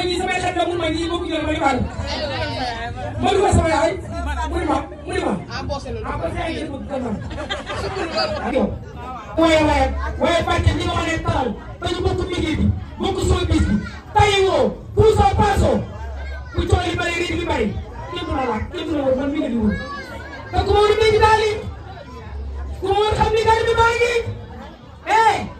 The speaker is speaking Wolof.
ma ñii samay xel la mun ma ñii boobu ñu ma limaale ma dugal sama yaay mu ni ma mu ni ma ah, embauché ay yéen bëgg gën a ak yow waaye waaye waaye barke ñi nga war a taal dañu bokk liggéey bi bokk soo bis bi tayiwoo puusoo paasoo bu coow li bari réew mi bari képp la laaj képp la wër man mi nga di wër te ku ma wër dégg daal yi ku ma wër xam ni daal bi maa ngi eh